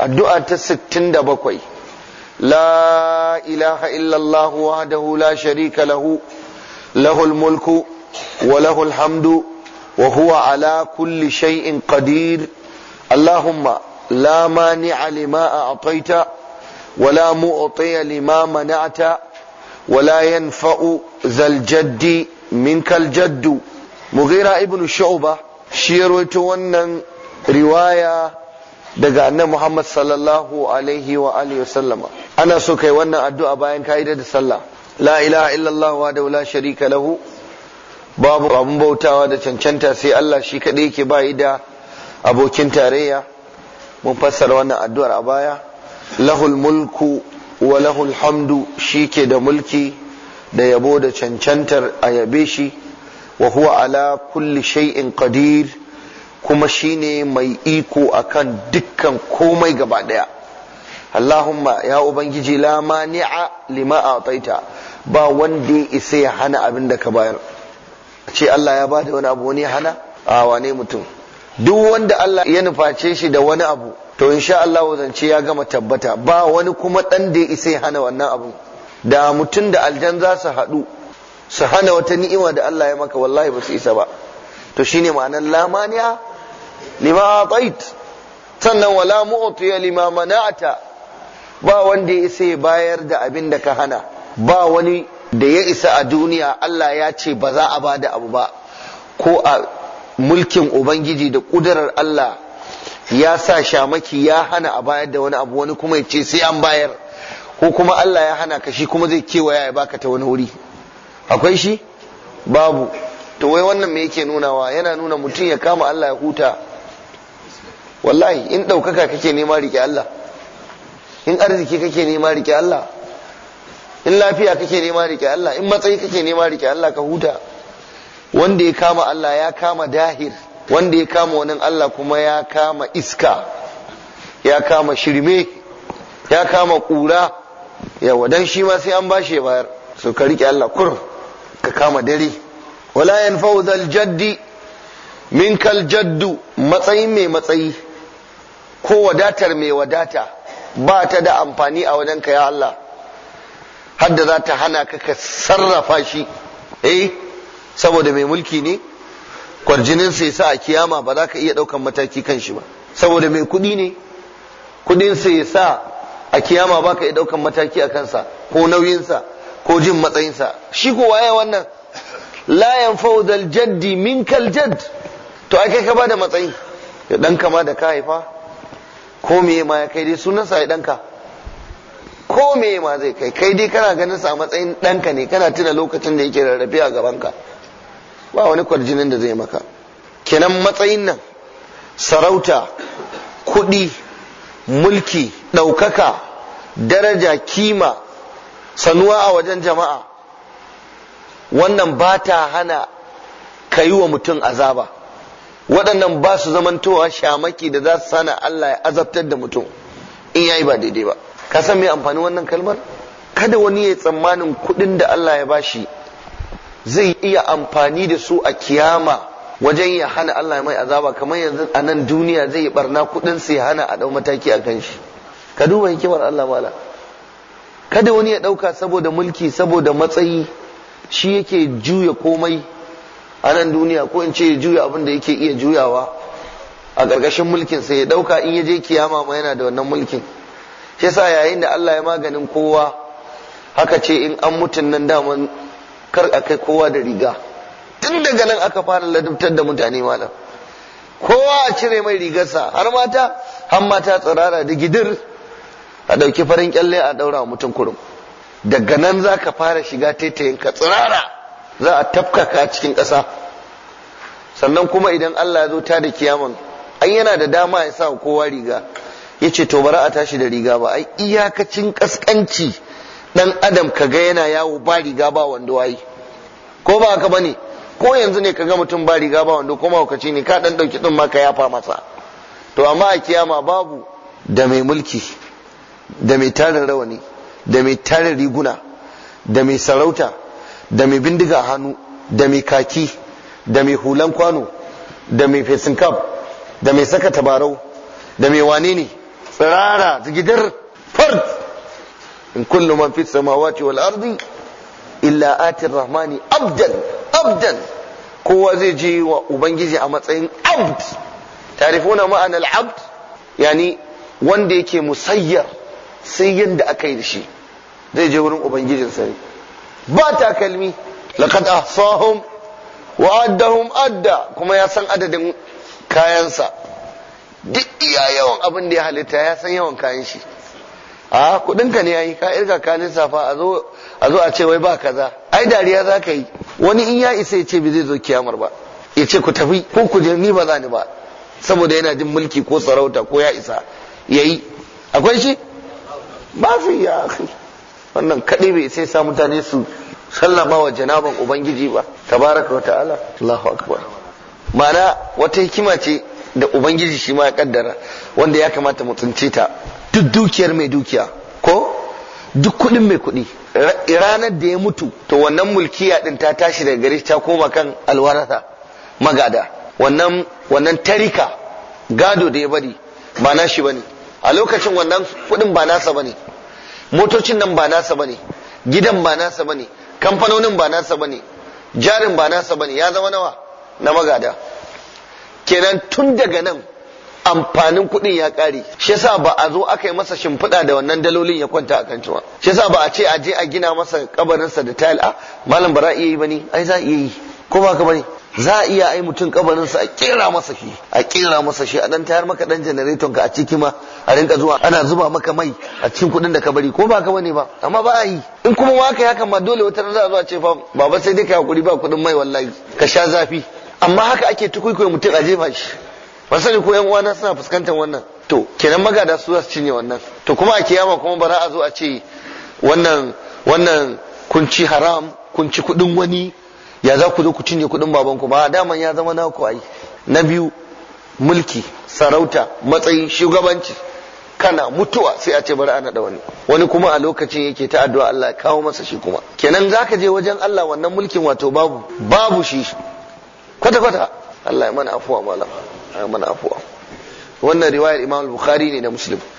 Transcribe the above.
addu'a ta 67 la ilaha illallah wahdahu la sharika lahu lahul mulku wa lahul hamdu wa huwa ala kulli shay'in qadir allahumma la mani'a lima a'taita wa la mu'tiya lima mana'ta wa la yanfa'u zal jaddi minkal jaddu mughira ibn Shuba. shi ya wannan riwaya daga annan Muhammad sallallahu alaihi wa alihi sallama ana so kai wannan addu'a bayan ka da sallah la ilaha illallah wa da la sharika lahu babu abun bautawa da cancanta sai Allah shi kadai yake bayi da abokin tarayya mun fassara wannan addu'ar a baya lahul mulku wa lahul hamdu shi ke da mulki da yabo da cancantar a yabe shi wa huwa ala kulli shay'in qadir kuma shi ne mai iko a kan dukkan komai gaba daya Allahumma ya ubangiji la mani'a lima taita ba wanda isa ya hana abin da ka bayar A ce Allah ya ba da wani abu wani hana a wane mutum duk wanda Allah ya nuface shi da wani abu to in sha Allah wazance ya gama tabbata ba wani kuma ɗan da ya isa ya hana wannan abu da mutum da aljan za su haɗu su hana wata ni'ima da Allah ya maka wallahi ba su isa ba to shine ma'anar lamaniya lima atait sannan wala ya lima mana'ata ba wanda ya isa bayar da abin da ka hana ba wani da ya isa a duniya Allah ya ce ba za a ba da abu ba ko a mulkin ubangiji da kudurar Allah ya sa shamaki ya hana a bayar da wani abu wani kuma ya ce sai an bayar ko kuma Allah ya hana ka shi kuma zai kewaya ya baka ta wani wuri akwai shi babu to wai wannan me yake nunawa yana nuna mutum ya kama Allah ya huta wallahi in ɗaukaka kake nema rike Allah in arziki kake nema rike Allah in lafiya kake nema rike Allah in matsayi kake nema rike Allah ka huta wanda ya kama Allah ya kama dahir wanda ya kama wani Allah kuma ya kama iska ya kama shirme ya kama ƙura yawa dan shi ma sai an bashi ya bayar so ka rike Allah kur ka kama dare wala yanfa'u zal jaddi minkal jaddu matsayin mai matsayi ko wadatar mai wadata ba ta da amfani a wajenka ya Allah hadda za ta hana ka ka sarrafa shi eh saboda mai mulki ne kwarjinin sai sa a kiyama ba za ka iya ɗaukan mataki kan shi ba saboda mai kuɗi ne kudin sai sa a kiyama ba ka iya ɗaukan mataki a kansa ko nauyinsa ko jin matsayinsa shi ko waye wannan la yanfa'u dal jaddi minkal jadd to ai kai ka da matsayi dan kama da ka haifa ko meye ma ya kai dai sunansa ya ɗanka ko meye ma zai kai kai dai kana ganin sa a matsayin ɗanka ne kana tuna lokacin da yake rarrafe a gabanka ba wani kwarjinin da zai maka kenan matsayin nan sarauta kuɗi mulki ɗaukaka daraja kima sanuwa a wajen jama'a wannan ba ta hana ka yi wa mutum azaba waɗannan ba su zamantowa shamaki da za su sana Allah ya azabtar da mutum in ya yi ba daidai ba ka san me amfani wannan kalmar kada wani ya tsammanin kuɗin da Allah ya bashi zai iya amfani da su a kiyama wajen ya hana Allah ya mai azaba kamar yanzu a nan duniya zai yi barna kuɗin su ya hana a ɗau mataki a kan shi ka duba hikimar Allah mala kada wani ya ɗauka saboda mulki saboda matsayi shi yake juya komai a nan duniya ko in ce ya juya abin da yake iya juyawa a ƙarƙashin mulkin sai ya ɗauka in ya je kiyama ma yana da wannan mulkin shi yasa yayin da Allah ya maganin kowa haka ce in an mutun nan daman kar a kai kowa da riga tun daga nan aka fara ladabtar da mutane malam kowa a cire mai rigarsa har mata har mata tsirara da gidir a ɗauki farin kyalle a ɗaura mutum kurum daga nan za ka fara shiga taitayin ka tsirara za a tafka ka cikin ƙasa sannan kuma idan Allah ya zo ta da kiyaman ai yana da dama ya sa kowa riga ya ce to bara a tashi da riga ba ai iyakacin ƙasƙanci ɗan adam ka ga yana yawo ba riga ba wando ai ko ba haka bane ko yanzu ne ka ga mutum ba riga ba wando ko hukaci ne ka ɗan ɗauki ɗin ma ka yafa masa to amma a kiyama babu da mai mulki da mai tarin rawani da mai tarin riguna da mai sarauta da mai bindiga hannu da mai kaki da mai hulan kwano da mai fesin kaf da mai saka tabarau da mai wane ne tsirara zigidar fard in kullum man fi samawati wal ardi illa atir rahmani abdan abdan kowa zai je wa ubangiji a matsayin abd tarifuna ma'ana al-abd yani wanda yake musayyar sai yadda aka yi da shi zai je wurin ubangijinsa ne ba takalmi laqad ahsahum wa addahum adda kuma ya san adadin kayansa duk iya yawan abin da ya halitta ya san yawan kayan shi a kudin ka ne yayi ka irga ka safa a zo a zo a ce wai ba kaza ai dariya za ka yi wani in ya isa ya ce bai zai zo kiyamar ba ya ce ku tafi ko ku je ni ba za ni ba saboda yana jin mulki ko sarauta ko ya isa yayi akwai shi ba fi ya wannan kaɗai bai sai sa mutane su sallama wa janaban ubangiji ba tabaraka wa ta'ala Allahu akbar ma'ana wata hikima ce da ubangiji shi ma ya kaddara wanda ya kamata mu tsince ta duk dukiyar mai dukiya ko duk kuɗin mai kuɗi ranar da ya mutu to wannan mulkiya din ta tashi daga gare ta koma kan alwarasa magada wannan wannan tarika gado da ya bari ba nashi bane a lokacin wannan kuɗin ba nasa bane motocin nan ba nasa bane gidan ba nasa bane kamfanonin ba nasa bane jarin ba nasa bane ya zama nawa na magada kenan tun daga nan amfanin kuɗin ya ƙare shi yasa ba a zo aka yi masa shimfiɗa da wannan dalolin ya kwanta a kan cewa shi yasa ba a ce a je a gina masa kabarinsa da tile a malam ba za a iya yi bane ai za a iya yi ko ba ka bane za a iya ai mutum kabarin sa a kera masa shi a kera masa shi a dan tayar maka dan generator ka a ciki ma a rinka zuwa ana zuba maka mai a cikin kudin da ka bari ko ba ka bane ba amma ba a yi in kuma ma ka haka ma dole wata za a zuwa ce fa baba sai dai ka hakuri ba kudin mai wallahi ka sha zafi amma haka ake tukuikuwa mutum a jefa shi ba sani ko yan uwana suna fuskantar wannan to kenan magada su za su cinye wannan to kuma a kiyama kuma bara a zo a ce wannan wannan kun haram kunci ci kudin wani ya za ku zo ku cinye kuɗin babanku ba daman ya zama naku ai na biyu mulki sarauta matsayi shugabanci kana mutuwa sai a ce bari ana da wani wani kuma a lokacin yake ta addu'a Allah ya kawo masa shi kuma kenan zaka je wajen Allah wannan mulkin wato babu babu shi kwata kwata Allah ya mana afuwa malam ya mana afuwa wannan riwayar Imam Bukhari ne da Muslim